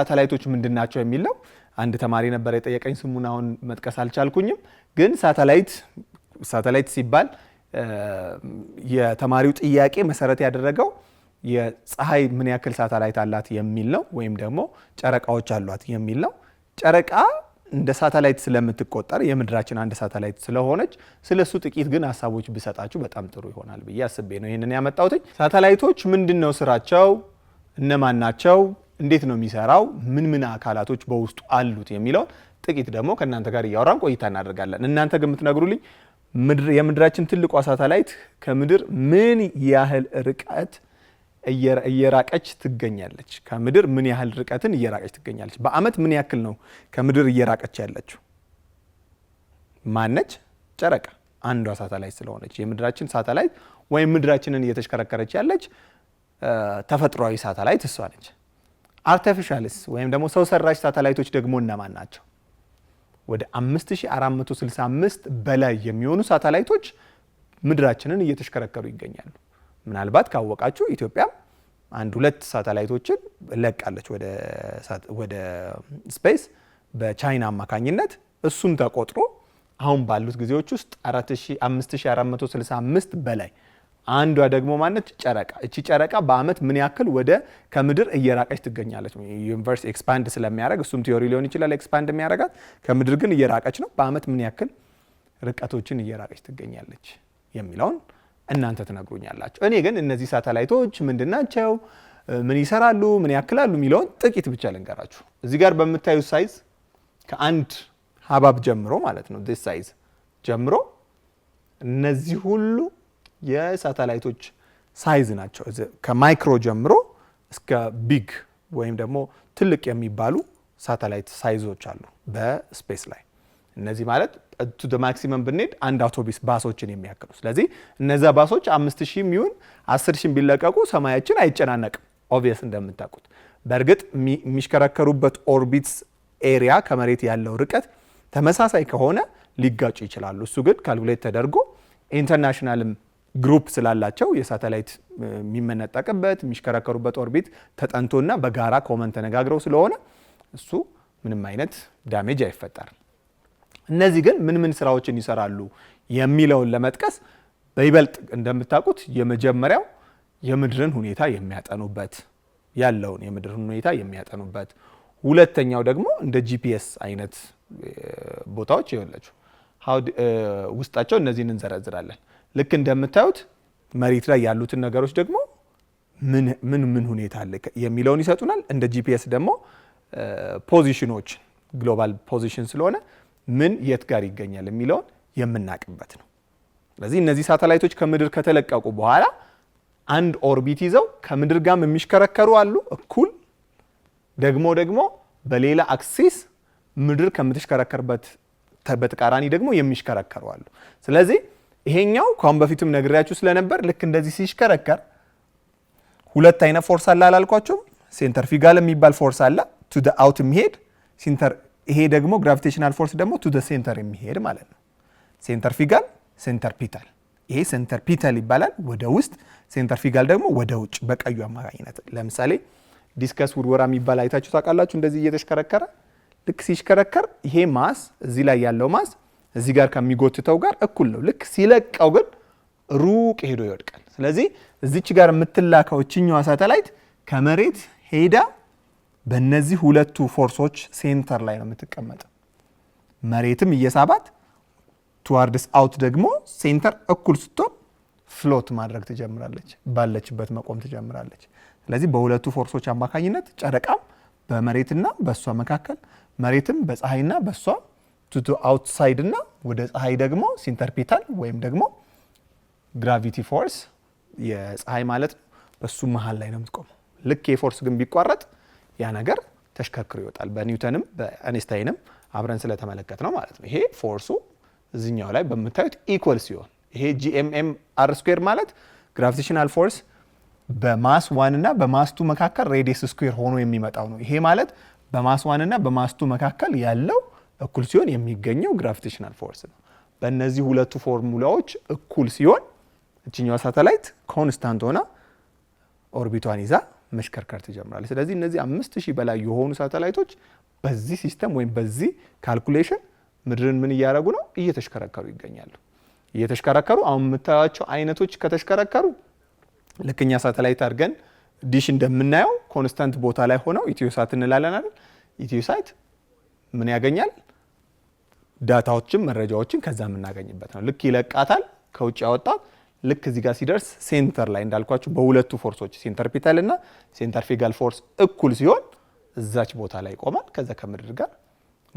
ሳተላይቶች ምንድን ናቸው የሚለው አንድ ተማሪ ነበር የጠየቀኝ። ስሙን አሁን መጥቀስ አልቻልኩኝም። ግን ሳተላይት ሳተላይት ሲባል የተማሪው ጥያቄ መሰረት ያደረገው የፀሐይ ምን ያክል ሳተላይት አላት የሚል ነው፣ ወይም ደግሞ ጨረቃዎች አሏት የሚል ነው። ጨረቃ እንደ ሳተላይት ስለምትቆጠር የምድራችን አንድ ሳተላይት ስለሆነች ስለሱ ጥቂት ግን ሀሳቦች ብሰጣችሁ በጣም ጥሩ ይሆናል ብዬ አስቤ ነው ይህንን ያመጣሁት። ሳተላይቶች ምንድን ነው ስራቸው? እነማን ናቸው? እንዴት ነው የሚሰራው፣ ምን ምን አካላቶች በውስጡ አሉት የሚለውን ጥቂት ደግሞ ከእናንተ ጋር እያወራን ቆይታ እናደርጋለን። እናንተ ግን የምትነግሩልኝ የምድራችን ትልቋ ሳተላይት ከምድር ምን ያህል ርቀት እየራቀች ትገኛለች? ከምድር ምን ያህል ርቀትን እየራቀች ትገኛለች? በአመት ምን ያክል ነው ከምድር እየራቀች ያለችው? ማነች? ጨረቃ አንዷ ሳተላይት ስለሆነች የምድራችን ሳተላይት ወይም ምድራችንን እየተሽከረከረች ያለች ተፈጥሯዊ ሳተላይት እሷ ነች። አርተፊሻልስ ወይም ደግሞ ሰው ሰራሽ ሳተላይቶች ደግሞ እነማን ናቸው? ወደ 5465 በላይ የሚሆኑ ሳተላይቶች ምድራችንን እየተሽከረከሩ ይገኛሉ። ምናልባት ካወቃችሁ ኢትዮጵያም አንድ ሁለት ሳተላይቶችን ለቃለች ወደ ስፔስ በቻይና አማካኝነት። እሱም ተቆጥሮ አሁን ባሉት ጊዜዎች ውስጥ 5465 በላይ አንዷ ደግሞ ማነች? ጨረቃ። እቺ ጨረቃ በአመት ምን ያክል ወደ ከምድር እየራቀች ትገኛለች? ዩኒቨርስ ኤክስፓንድ ስለሚያደረግ እሱም ቲዮሪ ሊሆን ይችላል። ኤክስፓንድ የሚያደረጋት ከምድር ግን እየራቀች ነው። በአመት ምን ያክል ርቀቶችን እየራቀች ትገኛለች የሚለውን እናንተ ትነግሩኛላችሁ። እኔ ግን እነዚህ ሳተላይቶች ምንድናቸው፣ ምን ይሰራሉ፣ ምን ያክላሉ የሚለውን ጥቂት ብቻ ልንገራችሁ። እዚህ ጋር በምታዩት ሳይዝ ከአንድ ሀባብ ጀምሮ ማለት ነው ሳይዝ ጀምሮ እነዚህ ሁሉ የሳተላይቶች ሳይዝ ናቸው። ከማይክሮ ጀምሮ እስከ ቢግ ወይም ደግሞ ትልቅ የሚባሉ ሳተላይት ሳይዞች አሉ በስፔስ ላይ። እነዚህ ማለት ቱ ማክሲመም ብንሄድ አንድ አውቶቢስ ባሶችን የሚያክሉ ስለዚህ እነዚያ ባሶች አምስት ሺህ የሚሆን አስር ሺህ ቢለቀቁ ሰማያችን አይጨናነቅም። ኦቪየስ እንደምታውቁት በእርግጥ የሚሽከረከሩበት ኦርቢትስ ኤሪያ ከመሬት ያለው ርቀት ተመሳሳይ ከሆነ ሊጋጩ ይችላሉ። እሱ ግን ካልኩሌት ተደርጎ ኢንተርናሽናልም ግሩፕ ስላላቸው የሳተላይት የሚመነጠቅበት የሚሽከረከሩበት ኦርቢት ተጠንቶና በጋራ ኮመን ተነጋግረው ስለሆነ እሱ ምንም አይነት ዳሜጅ አይፈጠርም። እነዚህ ግን ምን ምን ስራዎችን ይሰራሉ የሚለውን ለመጥቀስ በይበልጥ እንደምታውቁት የመጀመሪያው የምድርን ሁኔታ የሚያጠኑበት ያለውን የምድርን ሁኔታ የሚያጠኑበት፣ ሁለተኛው ደግሞ እንደ ጂፒኤስ አይነት ቦታዎች ይሆናችሁ Uh, ውስጣቸው እነዚህን እንዘረዝራለን። ልክ እንደምታዩት መሬት ላይ ያሉትን ነገሮች ደግሞ ምን ምን ሁኔታ አለ የሚለውን ይሰጡናል። እንደ ጂፒኤስ ደግሞ uh, ፖዚሽኖች ግሎባል ፖዚሽን ስለሆነ ምን የት ጋር ይገኛል የሚለውን የምናቅበት ነው። ስለዚህ እነዚህ ሳተላይቶች ከምድር ከተለቀቁ በኋላ አንድ ኦርቢት ይዘው ከምድር ጋር የሚሽከረከሩ አሉ እኩል ደግሞ ደግሞ በሌላ አክሲስ ምድር ከምትሽከረከርበት በተቃራኒ ደግሞ የሚሽከረከሩ አሉ። ስለዚህ ይሄኛው ከአሁን በፊትም ነግሬያችሁ ስለነበር ልክ እንደዚህ ሲሽከረከር ሁለት አይነት ፎርስ አለ አላልኳቸውም? ሴንተር ፊጋል የሚባል ፎርስ አለ ቱ ደ አውት የሚሄድ ሴንተር፣ ይሄ ደግሞ ግራቪቴሽናል ፎርስ ደግሞ ቱ ደ ሴንተር የሚሄድ ማለት ነው። ሴንተር ፊጋል፣ ሴንተር ፒታል፣ ይሄ ሴንተር ፒታል ይባላል ወደ ውስጥ፣ ሴንተር ፊጋል ደግሞ ወደ ውጭ በቀዩ አማካኝነት። ለምሳሌ ዲስከስ ውርወራ የሚባል አይታችሁ ታውቃላችሁ፣ እንደዚህ እየተሽከረከረ ልክ ሲሽከረከር ይሄ ማስ እዚህ ላይ ያለው ማስ እዚህ ጋር ከሚጎትተው ጋር እኩል ነው። ልክ ሲለቀው ግን ሩቅ ሄዶ ይወድቃል። ስለዚህ እዚች ጋር የምትላከው እችኛዋ ሳተላይት ከመሬት ሄዳ በእነዚህ ሁለቱ ፎርሶች ሴንተር ላይ ነው የምትቀመጠው። መሬትም እየሳባት ቱዋርድስ አውት ደግሞ ሴንተር እኩል ስትሆን ፍሎት ማድረግ ትጀምራለች፣ ባለችበት መቆም ትጀምራለች። ስለዚህ በሁለቱ ፎርሶች አማካኝነት ጨረቃም በመሬትና በእሷ መካከል መሬትም በፀሐይና በእሷ ቱቱ አውትሳይድ እና ወደ ፀሐይ ደግሞ ሲንተርፒታል ወይም ደግሞ ግራቪቲ ፎርስ የፀሐይ ማለት ነው። በሱ መሀል ላይ ነው የምትቆመው። ልክ የፎርስ ግን ቢቋረጥ ያ ነገር ተሽከርክሮ ይወጣል። በኒውተንም በአንስታይንም አብረን ስለተመለከት ነው ማለት ነው። ይሄ ፎርሱ እዚኛው ላይ በምታዩት ኢኮል ሲሆን ይሄ ጂኤምኤም አር ስኩዌር ማለት ግራቪቴሽናል ፎርስ በማስ ዋን እና በማስ ቱ መካከል ሬዲየስ ስኩዌር ሆኖ የሚመጣው ነው። ይሄ ማለት በማስዋንና በማስቱ መካከል ያለው እኩል ሲሆን የሚገኘው ግራቪቴሽናል ፎርስ ነው። በእነዚህ ሁለቱ ፎርሙላዎች እኩል ሲሆን እችኛዋ ሳተላይት ኮንስታንት ሆና ኦርቢቷን ይዛ መሽከርከር ትጀምራለች። ስለዚህ እነዚህ አምስት ሺህ በላይ የሆኑ ሳተላይቶች በዚህ ሲስተም ወይም በዚህ ካልኩሌሽን ምድርን ምን እያደረጉ ነው? እየተሽከረከሩ ይገኛሉ። እየተሽከረከሩ አሁን የምታዩቸው አይነቶች ከተሽከረከሩ ልክኛ ሳተላይት አድርገን ዲሽ እንደምናየው ኮንስታንት ቦታ ላይ ሆነው ኢትዮሳት እንላለን አይደል? ኢትዮሳት ምን ያገኛል? ዳታዎችን መረጃዎችን ከዛ የምናገኝበት ነው። ልክ ይለቃታል ከውጭ ያወጣት ልክ እዚህ ጋር ሲደርስ ሴንተር ላይ እንዳልኳቸው በሁለቱ ፎርሶች ሴንተር ፒታል እና ሴንተር ፌጋል ፎርስ እኩል ሲሆን እዛች ቦታ ላይ ይቆማል። ከዛ ከምድር ጋር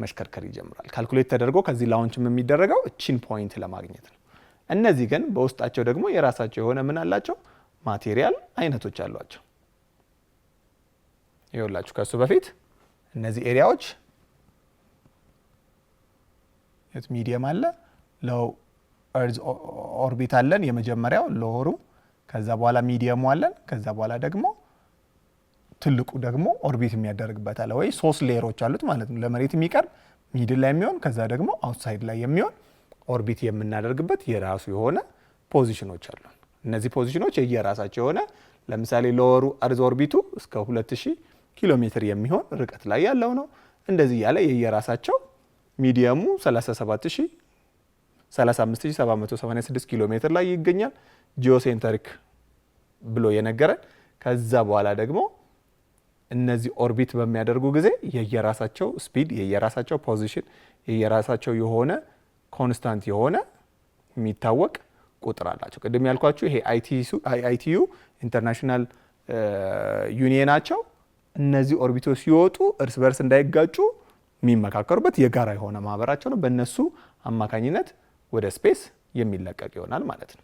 መሽከርከር ይጀምራል። ካልኩሌት ተደርጎ ከዚህ ላውንችም የሚደረገው እቺን ፖይንት ለማግኘት ነው። እነዚህ ግን በውስጣቸው ደግሞ የራሳቸው የሆነ ምን አላቸው ማቴሪያል አይነቶች አሏቸው። ይኸውላችሁ ከእሱ በፊት እነዚህ ኤሪያዎች ሚዲየም አለ ለው እርዝ ኦርቢት አለን። የመጀመሪያው ሎወሩ፣ ከዛ በኋላ ሚዲየሙ አለን። ከዛ በኋላ ደግሞ ትልቁ ደግሞ ኦርቢት የሚያደርግበት አለ ወይ ሶስት ሌየሮች አሉት ማለት ነው። ለመሬት የሚቀርብ ሚድል ላይ የሚሆን ከዛ ደግሞ አውትሳይድ ላይ የሚሆን ኦርቢት የምናደርግበት የራሱ የሆነ ፖዚሽኖች አሉ። እነዚህ ፖዚሽኖች የየራሳቸው የሆነ ለምሳሌ ሎወሩ እርዝ ኦርቢቱ እስከ 2000 ኪሎ ሜትር የሚሆን ርቀት ላይ ያለው ነው። እንደዚህ እያለ የየራሳቸው ሚዲየሙ 35786 ኪሎ ሜትር ላይ ይገኛል። ጂኦሴንተሪክ ብሎ የነገረን ከዛ በኋላ ደግሞ እነዚህ ኦርቢት በሚያደርጉ ጊዜ የየራሳቸው ስፒድ፣ የየራሳቸው ፖዚሽን፣ የየራሳቸው የሆነ ኮንስታንት የሆነ የሚታወቅ ቁጥር አላቸው። ቅድም ያልኳችሁ ይሄ አይቲዩ ኢንተርናሽናል ዩኒየናቸው እነዚህ ኦርቢቶች ሲወጡ እርስ በርስ እንዳይጋጩ የሚመካከሩበት የጋራ የሆነ ማህበራቸው ነው። በእነሱ አማካኝነት ወደ ስፔስ የሚለቀቅ ይሆናል ማለት ነው።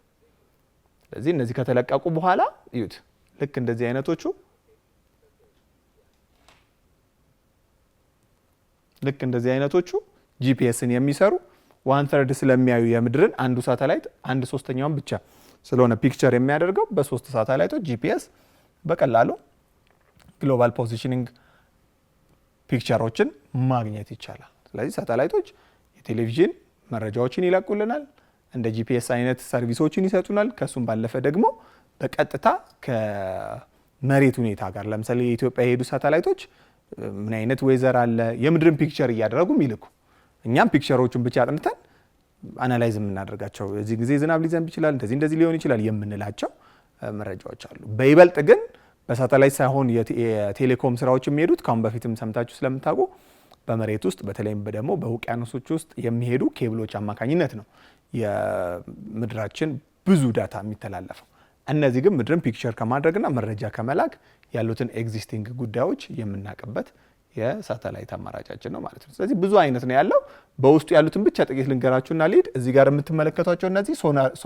ስለዚህ እነዚህ ከተለቀቁ በኋላ እዩት፣ ልክ እንደዚህ አይነቶቹ ልክ እንደዚህ አይነቶቹ ጂፒኤስን የሚሰሩ ዋን ተርድ ስለሚያዩ የምድርን አንዱ ሳተላይት አንድ ሶስተኛውን ብቻ ስለሆነ ፒክቸር የሚያደርገው በሶስት ሳተላይቶች ጂፒኤስ በቀላሉ ግሎባል ፖዚሽኒንግ ፒክቸሮችን ማግኘት ይቻላል። ስለዚህ ሳተላይቶች የቴሌቪዥን መረጃዎችን ይለቁልናል፣ እንደ ጂፒኤስ አይነት ሰርቪሶችን ይሰጡናል። ከእሱም ባለፈ ደግሞ በቀጥታ ከመሬት ሁኔታ ጋር ለምሳሌ የኢትዮጵያ የሄዱ ሳተላይቶች ምን አይነት ወይዘር አለ የምድርን ፒክቸር እያደረጉ ይልኩ፣ እኛም ፒክቸሮቹን ብቻ አጥንተን አናላይዝ የምናደርጋቸው እዚህ ጊዜ ዝናብ ሊዘንብ ይችላል፣ እንደዚህ እንደዚህ ሊሆን ይችላል የምንላቸው መረጃዎች አሉ። በይበልጥ ግን በሳተላይት ሳይሆን የቴሌኮም ስራዎች የሚሄዱት ከአሁን በፊትም ሰምታችሁ ስለምታውቁ በመሬት ውስጥ በተለይም ደግሞ በውቅያኖሶች ውስጥ የሚሄዱ ኬብሎች አማካኝነት ነው የምድራችን ብዙ ዳታ የሚተላለፈው። እነዚህ ግን ምድርን ፒክቸር ከማድረግና መረጃ ከመላክ ያሉትን ኤግዚስቲንግ ጉዳዮች የምናውቅበት የሳተላይት አማራጫችን ነው ማለት ነው። ስለዚህ ብዙ አይነት ነው ያለው። በውስጡ ያሉትን ብቻ ጥቂት ልንገራችሁና ሊድ እዚህ ጋር የምትመለከቷቸው እነዚህ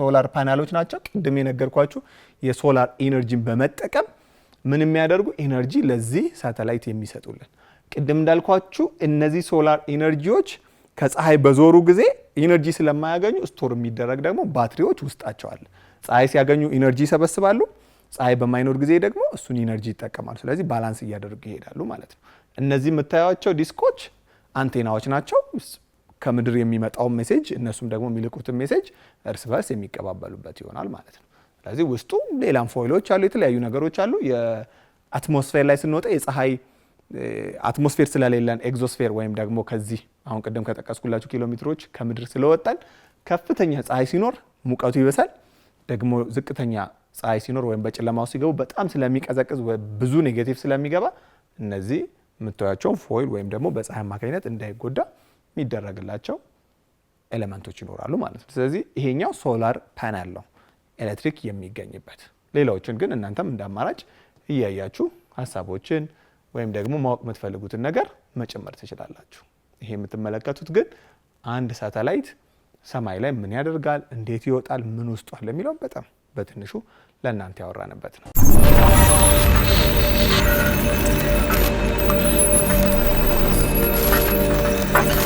ሶላር ፓናሎች ናቸው። ቅድም የነገርኳችሁ የሶላር ኢነርጂን በመጠቀም ምን የሚያደርጉ ኤነርጂ ለዚህ ሳተላይት የሚሰጡልን። ቅድም እንዳልኳችሁ እነዚህ ሶላር ኤነርጂዎች ከፀሐይ በዞሩ ጊዜ ኢነርጂ ስለማያገኙ ስቶር የሚደረግ ደግሞ ባትሪዎች ውስጣቸዋል። ፀሐይ ሲያገኙ ኢነርጂ ይሰበስባሉ። ፀሐይ በማይኖር ጊዜ ደግሞ እሱን ኢነርጂ ይጠቀማሉ። ስለዚህ ባላንስ እያደረጉ ይሄዳሉ ማለት ነው። እነዚህ የምታዩቸው ዲስኮች አንቴናዎች ናቸው። ከምድር የሚመጣውን ሜሴጅ እነሱም ደግሞ የሚልቁትን ሜሴጅ እርስ በርስ የሚቀባበሉበት ይሆናል ማለት ነው። ስለዚህ ውስጡ ሌላም ፎይሎች አሉ፣ የተለያዩ ነገሮች አሉ። የአትሞስፌር ላይ ስንወጣ የፀሐይ አትሞስፌር ስለሌለን ኤግዞስፌር ወይም ደግሞ ከዚህ አሁን ቅድም ከጠቀስኩላችሁ ኪሎ ሜትሮች ከምድር ስለወጣን ከፍተኛ ፀሐይ ሲኖር ሙቀቱ ይበሳል። ደግሞ ዝቅተኛ ፀሐይ ሲኖር ወይም በጨለማው ሲገቡ በጣም ስለሚቀዘቅዝ ብዙ ኔጌቲቭ ስለሚገባ እነዚህ የምታያቸውን ፎይል ወይም ደግሞ በፀሐይ አማካኝነት እንዳይጎዳ የሚደረግላቸው ኤሌመንቶች ይኖራሉ ማለት ነው። ስለዚህ ይሄኛው ሶላር ፓናል ነው። ኤሌክትሪክ የሚገኝበት። ሌላዎችን ግን እናንተም እንደ አማራጭ እያያችሁ ሀሳቦችን ወይም ደግሞ ማወቅ የምትፈልጉትን ነገር መጨመር ትችላላችሁ። ይሄ የምትመለከቱት ግን አንድ ሳተላይት ሰማይ ላይ ምን ያደርጋል፣ እንዴት ይወጣል፣ ምን ውስጧል የሚለውን በጣም በትንሹ ለእናንተ ያወራንበት ነው። Thank you.